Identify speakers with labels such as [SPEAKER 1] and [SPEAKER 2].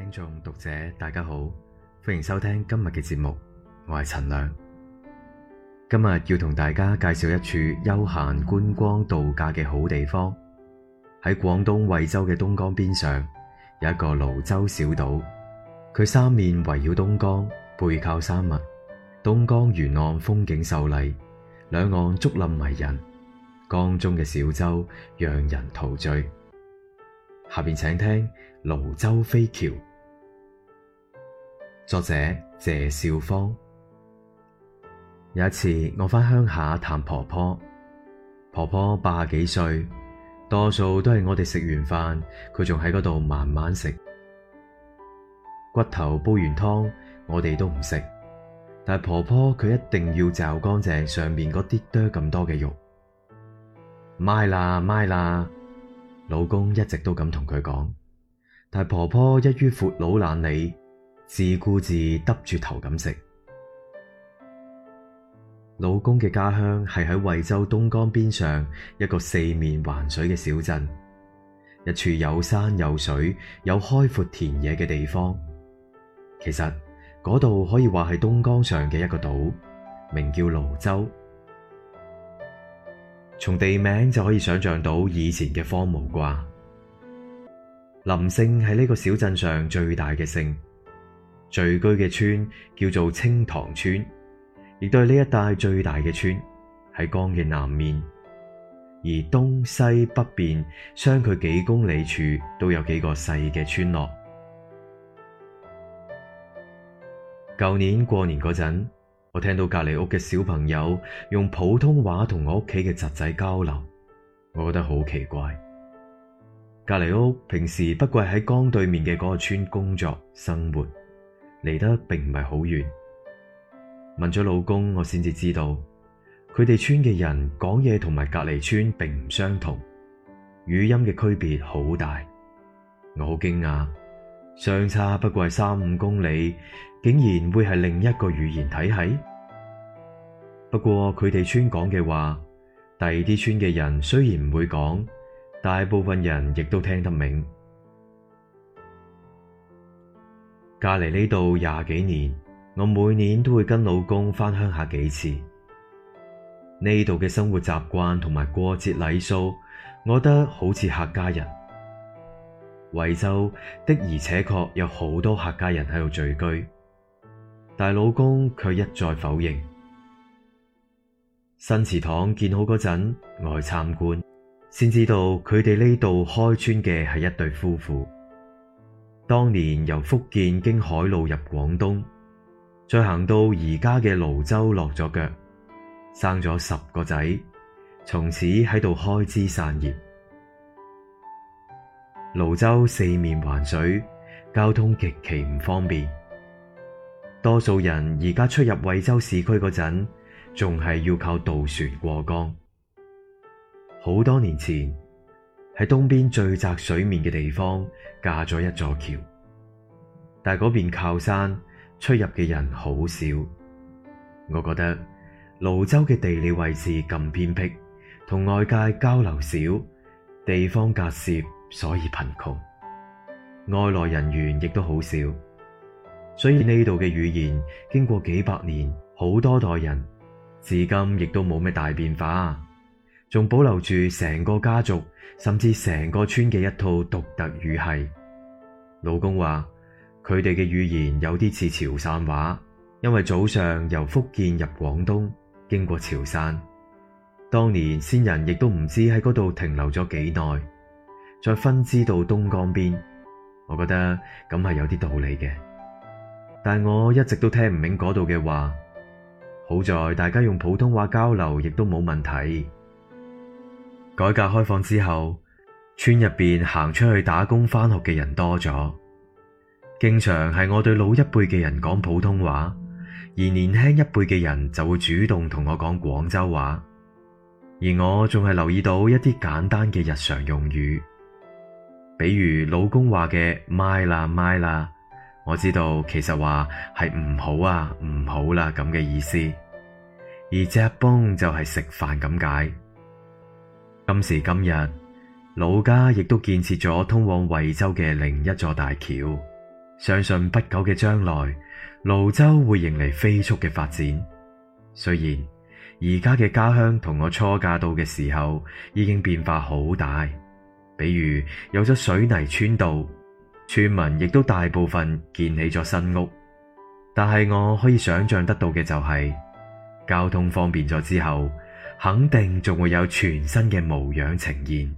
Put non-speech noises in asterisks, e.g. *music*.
[SPEAKER 1] 聽眾讀者大家好，歡迎收聽今日嘅節目，我係陳亮。今日要同大家介紹一處休閒觀光度假嘅好地方，喺廣東惠州嘅東江邊上有一個蘆洲小島，佢三面圍繞東江，背靠山脈，東江沿岸風景秀麗，兩岸竹林迷人，江中嘅小舟讓人陶醉。下面請聽蘆洲飛橋。作者謝少芳。有一次我返鄉下探婆婆，婆婆八幾歲，多數都係我哋食完飯，佢仲喺嗰度慢慢食。骨頭煲完湯，我哋都唔食，但係婆婆佢一定要嚼乾淨上面嗰啲堆咁多嘅肉，賣啦賣啦，老公一直都咁同佢講，但係婆婆一於闊老懶理。自顧自耷住頭咁食。老公嘅家鄉係喺惠州東江邊上一個四面環水嘅小鎮，一處有山有水、有開闊田野嘅地方。其實嗰度可以話係東江上嘅一個島，名叫蘆洲。從地名就可以想象到以前嘅荒蕪啩。林姓係呢個小鎮上最大嘅姓。聚居嘅村叫做青塘村，亦都係呢一帶最大嘅村，喺江嘅南面。而東西北邊相距幾公里處都有幾個細嘅村落。舊 *noise* 年過年嗰陣，我聽到隔離屋嘅小朋友用普通話同我屋企嘅侄仔交流，我覺得好奇怪。隔離屋平時不過喺江對面嘅嗰個村工作、生活。離得並唔係好遠，問咗老公，我先至知道，佢哋村嘅人講嘢同埋隔離村並唔相同，語音嘅區別好大，我好驚訝，相差不過係三五公里，竟然會係另一個語言體系。不過佢哋村講嘅話，第二啲村嘅人雖然唔會講，大部分人亦都聽得明。嫁嚟呢度廿幾年，我每年都會跟老公翻鄉下幾次。呢度嘅生活習慣同埋過節禮數，我覺得好似客家人。惠州的而且確有好多客家人喺度聚居，但老公卻一再否認。新祠堂建好嗰陣，我去參觀，先知道佢哋呢度開村嘅係一對夫婦。當年由福建經海路入廣東，再行到而家嘅蘆洲落咗腳，生咗十個仔，從此喺度開枝散葉。蘆洲四面環水，交通極其唔方便，多數人而家出入惠州市區嗰陣，仲係要靠渡船過江。好多年前，喺東邊最窄水面嘅地方架咗一座橋，但係嗰邊靠山，出入嘅人好少。我覺得蘆洲嘅地理位置咁偏僻，同外界交流少，地方隔涉，所以貧窮。外來人員亦都好少，所以呢度嘅語言經過幾百年好多代人，至今亦都冇咩大變化。仲保留住成個家族，甚至成個村嘅一套獨特語系。老公話佢哋嘅語言有啲似潮汕話，因為祖上由福建入廣東，經過潮汕，當年先人亦都唔知喺嗰度停留咗幾耐，再分支到東江邊。我覺得咁係有啲道理嘅，但我一直都聽唔明嗰度嘅話。好在大家用普通話交流，亦都冇問題。改革開放之後，村入邊行出去打工翻學嘅人多咗，經常係我對老一輩嘅人講普通話，而年輕一輩嘅人就會主動同我講廣州話，而我仲係留意到一啲簡單嘅日常用語，比如老公話嘅「咪啦，咪啦」，我知道其實話係唔好啊唔好啦咁嘅意思，而只崩就係食飯咁解。今時今日，老家亦都建設咗通往惠州嘅另一座大橋。相信不久嘅將來，蘆洲會迎嚟飛速嘅發展。雖然而家嘅家鄉同我初嫁到嘅時候已經變化好大，比如有咗水泥村道，村民亦都大部分建起咗新屋。但係我可以想象得到嘅就係、是、交通方便咗之後。肯定仲會有全新嘅模樣呈現。